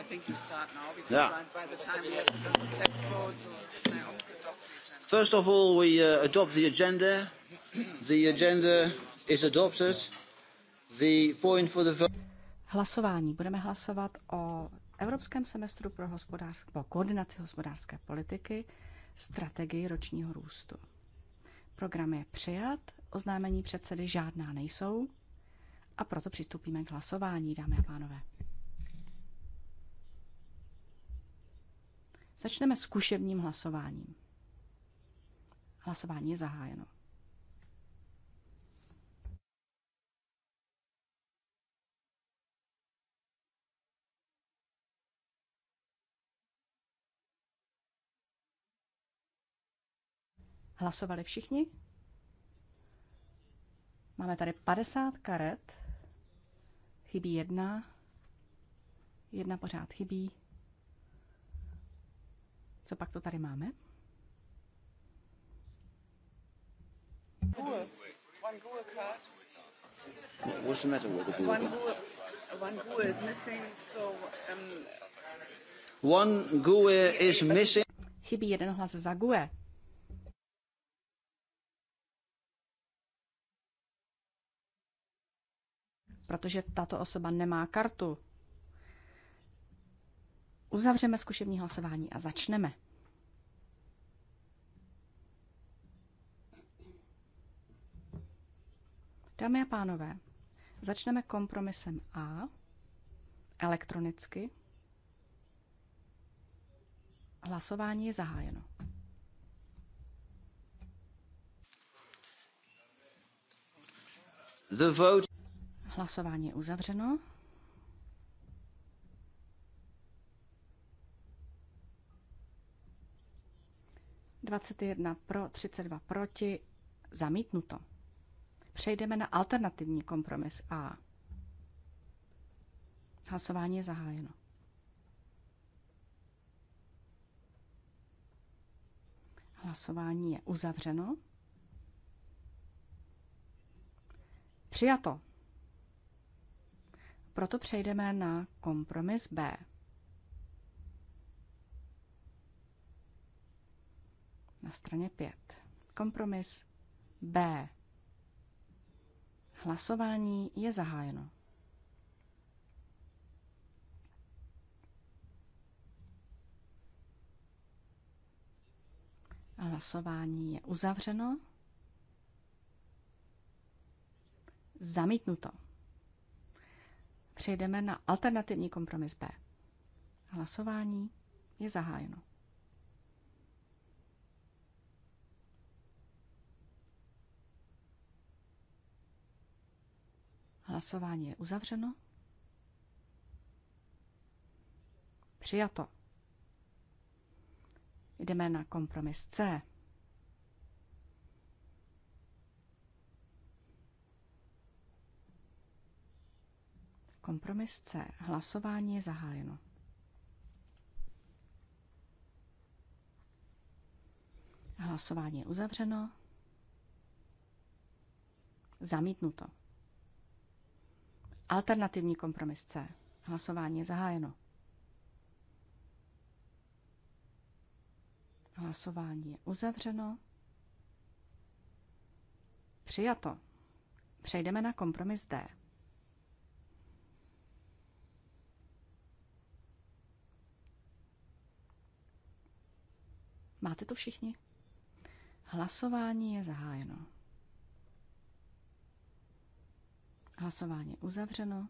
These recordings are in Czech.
I think you start now because yeah. by the time we have the text votes, can I adopt the agenda? First of all, we uh, adopt the agenda. The agenda is adopted. The point for the vote. Hlasování. Budeme hlasovat o Evropském semestru pro, hospodářsk- pro koordinaci hospodářské politiky, strategii ročního růstu. Program je přijat, oznámení předsedy žádná nejsou a proto přistoupíme k hlasování, dámy a pánové. Začneme zkušebním hlasováním. Hlasování je zahájeno. Hlasovali všichni? Máme tady 50 karet. Chybí jedna. Jedna pořád chybí. Co pak to tady máme? One Ruhe card. What's the matter with the Ruhe? One Ruhe, is missing, so... Um, one GUE is missing. Chybí jeden hlas za GUE. Protože tato osoba nemá kartu. Uzavřeme zkušební hlasování a začneme. Dámy a pánové, začneme kompromisem A, elektronicky. Hlasování je zahájeno. The vote. Hlasování je uzavřeno. 21 pro, 32 proti, zamítnuto. Přejdeme na alternativní kompromis A. Hlasování je zahájeno. Hlasování je uzavřeno. Přijato. Proto přejdeme na kompromis B. na straně 5. Kompromis B. Hlasování je zahájeno. Hlasování je uzavřeno. Zamítnuto. Přejdeme na alternativní kompromis B. Hlasování je zahájeno. Hlasování je uzavřeno. Přijato. Jdeme na kompromis C. Kompromis C. Hlasování je zahájeno. Hlasování je uzavřeno. Zamítnuto. Alternativní kompromis C. Hlasování je zahájeno. Hlasování je uzavřeno. Přijato. Přejdeme na kompromis D. Máte to všichni? Hlasování je zahájeno. Hlasování uzavřeno.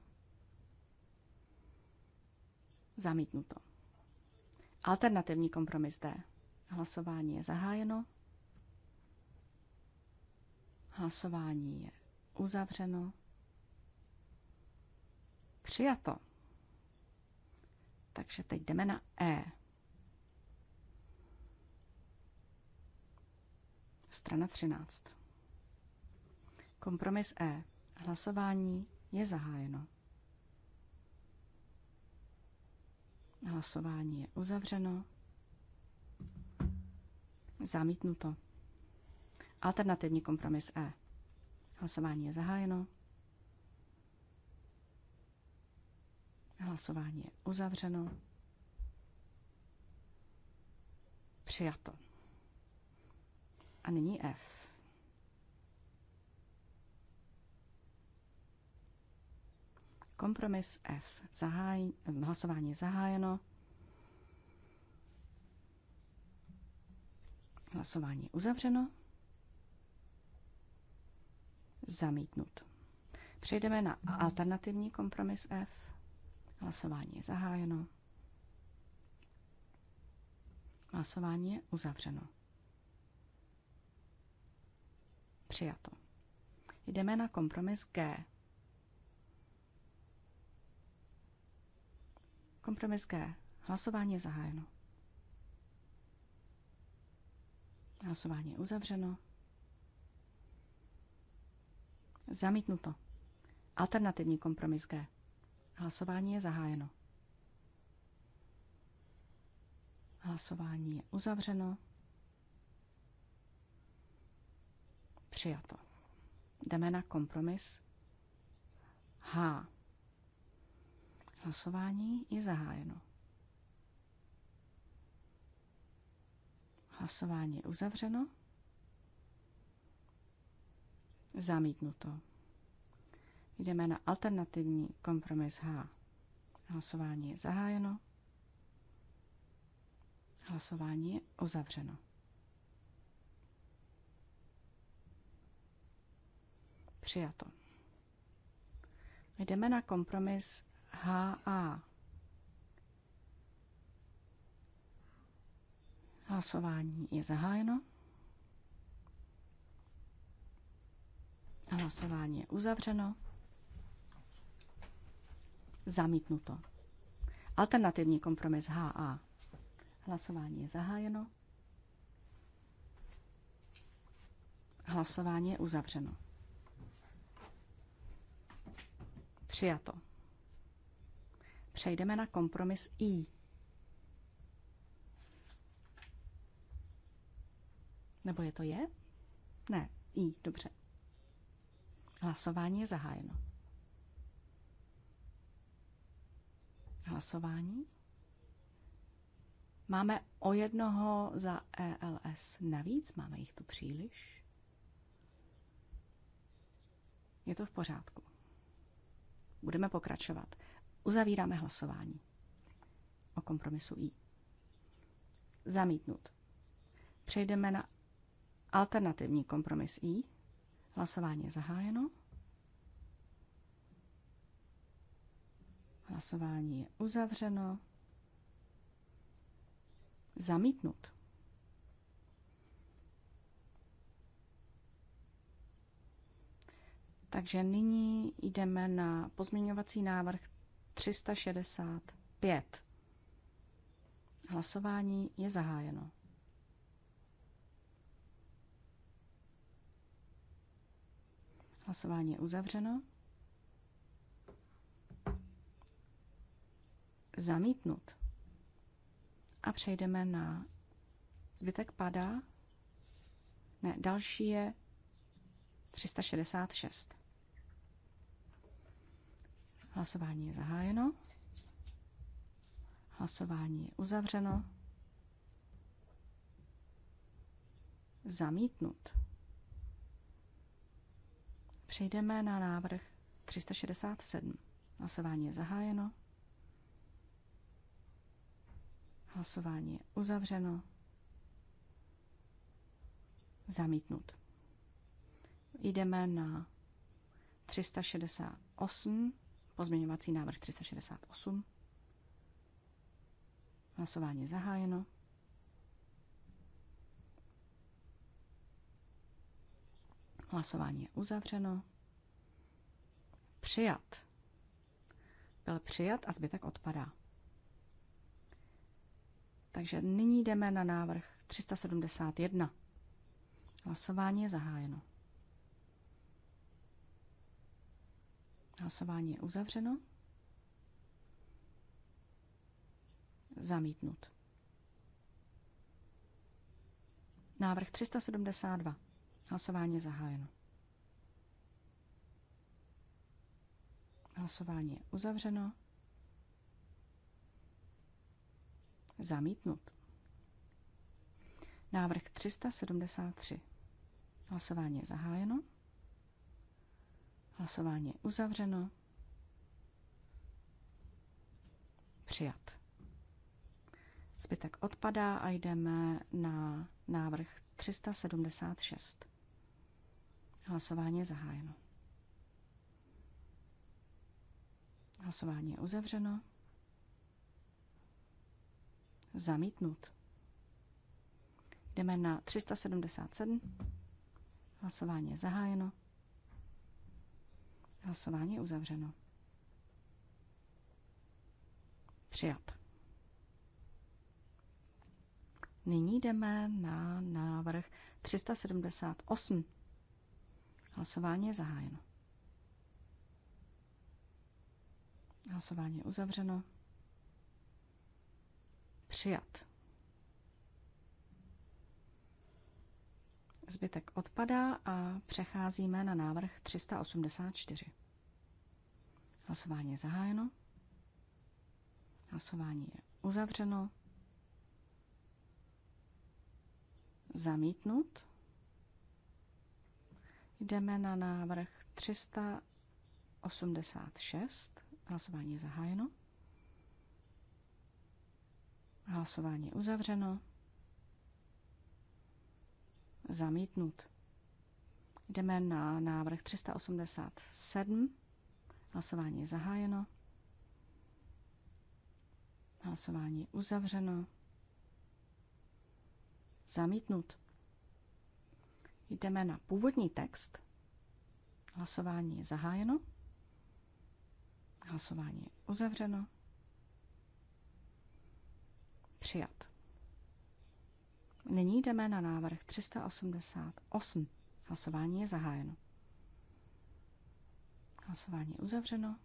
Zamítnuto. Alternativní kompromis D. Hlasování je zahájeno. Hlasování je uzavřeno. Přijato. Takže teď jdeme na E. Strana 13. Kompromis E. Hlasování je zahájeno. Hlasování je uzavřeno. Zamítnuto. Alternativní kompromis E. Hlasování je zahájeno. Hlasování je uzavřeno. Přijato. A nyní F. Kompromis F. Zaháj, hlasování je zahájeno. Hlasování je uzavřeno. Zamítnut. Přejdeme na alternativní kompromis F. Hlasování je zahájeno. Hlasování je uzavřeno. Přijato. Jdeme na kompromis G. Kompromis G. Hlasování je zahájeno. Hlasování je uzavřeno. Zamítnuto. Alternativní kompromis G. Hlasování je zahájeno. Hlasování je uzavřeno. Přijato. Jdeme na kompromis H. Hlasování je zahájeno. Hlasování je uzavřeno. Zamítnuto. Jdeme na alternativní kompromis H. Hlasování je zahájeno. Hlasování je uzavřeno. Přijato. Jdeme na kompromis HA. Hlasování je zahájeno. Hlasování je uzavřeno. Zamítnuto. Alternativní kompromis HA. Hlasování je zahájeno. Hlasování je uzavřeno. Přijato přejdeme na kompromis I. Nebo je to je? Ne, I, dobře. Hlasování je zahájeno. Hlasování. Máme o jednoho za ELS navíc, máme jich tu příliš. Je to v pořádku. Budeme pokračovat. Uzavíráme hlasování o kompromisu I. Zamítnut. Přejdeme na alternativní kompromis I. Hlasování je zahájeno. Hlasování je uzavřeno. Zamítnut. Takže nyní jdeme na pozměňovací návrh 365. Hlasování je zahájeno. Hlasování je uzavřeno. Zamítnut. A přejdeme na zbytek padá. Ne, další je 366. Hlasování je zahájeno. Hlasování je uzavřeno. Zamítnut. Přejdeme na návrh 367. Hlasování je zahájeno. Hlasování je uzavřeno. Zamítnut. Jdeme na 368. Pozměňovací návrh 368. Hlasování zahájeno. Hlasování je uzavřeno. Přijat. Byl přijat a zbytek odpadá. Takže nyní jdeme na návrh 371. Hlasování je zahájeno. Hlasování je uzavřeno. Zamítnut. Návrh 372. Hlasování je zahájeno. Hlasování je uzavřeno. Zamítnut. Návrh 373. Hlasování je zahájeno. Hlasování je uzavřeno. Přijat. Zbytek odpadá a jdeme na návrh 376. Hlasování je zahájeno. Hlasování je uzavřeno. Zamítnut. Jdeme na 377. Hlasování je zahájeno. Hlasování je uzavřeno. Přijat. Nyní jdeme na návrh 378. Hlasování je zahájeno. Hlasování je uzavřeno. Přijat. Zbytek odpadá a přecházíme na návrh 384. Hlasování je zahájeno. Hlasování je uzavřeno. Zamítnut. Jdeme na návrh 386. Hlasování je zahájeno. Hlasování je uzavřeno. Zamítnut. Jdeme na návrh 387. Hlasování je zahájeno. Hlasování je uzavřeno. Zamítnut. Jdeme na původní text. Hlasování je zahájeno. Hlasování je uzavřeno. Přijat. Nyní jdeme na návrh 388. Hlasování je zahájeno. Hlasování je uzavřeno.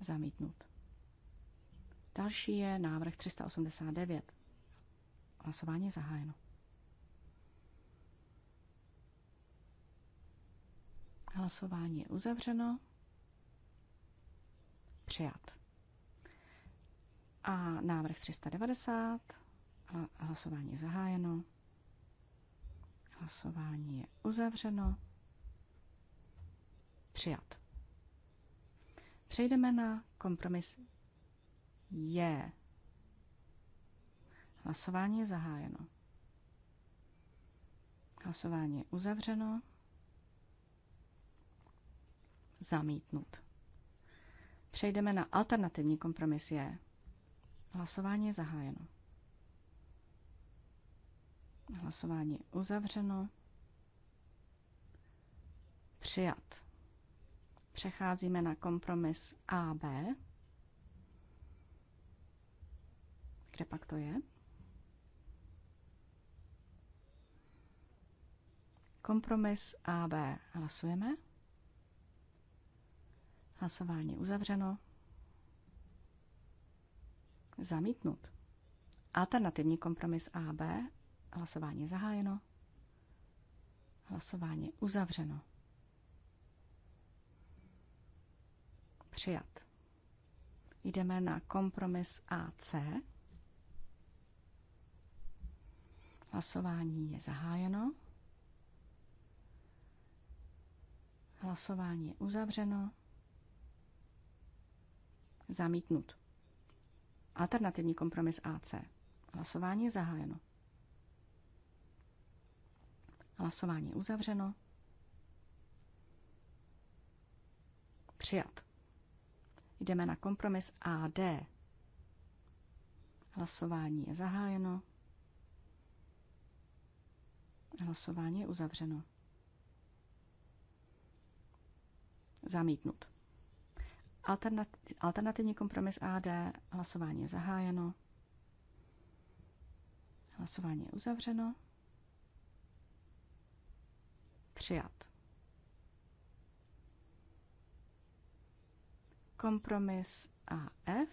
Zamítnut. Další je návrh 389. Hlasování je zahájeno. Hlasování je uzavřeno. Přijat. A návrh 390. Hlasování je zahájeno. Hlasování je uzavřeno. Přijat. Přejdeme na kompromis je. Hlasování je zahájeno. Hlasování je uzavřeno. Zamítnut. Přejdeme na alternativní kompromis je. Hlasování je zahájeno. Hlasování je uzavřeno. Přijat. Přecházíme na kompromis AB. Kde pak to je? Kompromis AB. Hlasujeme. Hlasování uzavřeno. Zamítnut. Alternativní kompromis AB. Hlasování je zahájeno. Hlasování je uzavřeno. Přijat. Jdeme na kompromis AC. Hlasování je zahájeno. Hlasování je uzavřeno. Zamítnut. Alternativní kompromis AC. Hlasování je zahájeno. Hlasování je uzavřeno. Přijat. Jdeme na kompromis AD. Hlasování je zahájeno. Hlasování je uzavřeno. Zamítnut. Alternativní kompromis AD, hlasování je zahájeno. Hlasování je uzavřeno. Přijat. Kompromis AF.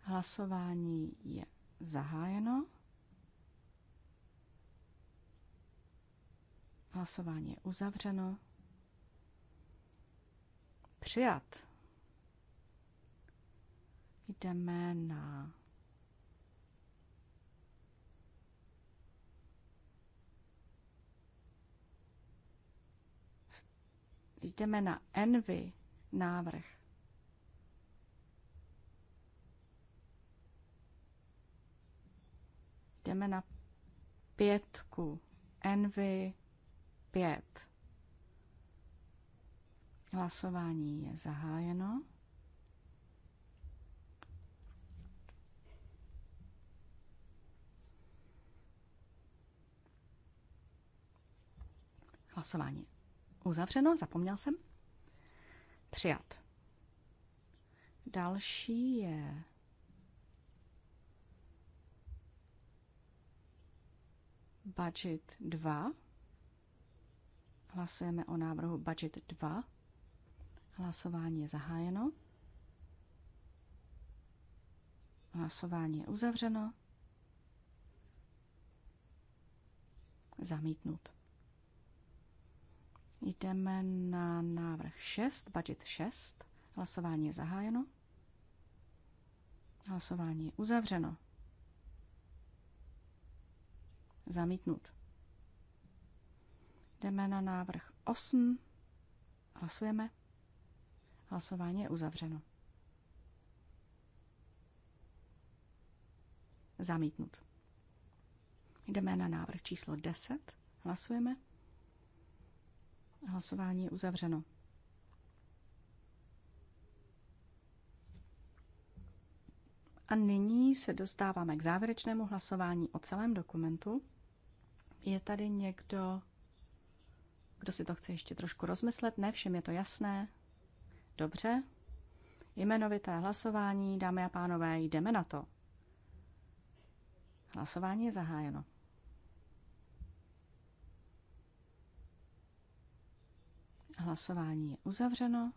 Hlasování je zahájeno. Hlasování je uzavřeno. Přijat. Jdeme na jdeme na envy návrh. Jdeme na pětku. Envy pět. Hlasování je zahájeno. Hlasování uzavřeno, zapomněl jsem. Přijat. Další je budget 2. Hlasujeme o návrhu budget 2. Hlasování je zahájeno. Hlasování je uzavřeno. Zamítnut. Jdeme na návrh 6, budget 6. Hlasování je zahájeno. Hlasování je uzavřeno. Zamítnut. Jdeme na návrh 8. Hlasujeme. Hlasování je uzavřeno. Zamítnut. Jdeme na návrh číslo 10. Hlasujeme. Hlasování je uzavřeno. A nyní se dostáváme k závěrečnému hlasování o celém dokumentu. Je tady někdo, kdo si to chce ještě trošku rozmyslet? Ne, všem je to jasné. Dobře. Jmenovité hlasování, dámy a pánové, jdeme na to. Hlasování je zahájeno. Hlasování je uzavřeno.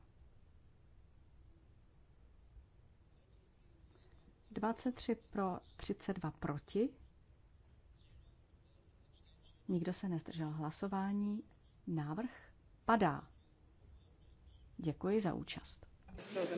23 pro, 32 proti. Nikdo se nezdržel hlasování. Návrh padá. Děkuji za účast.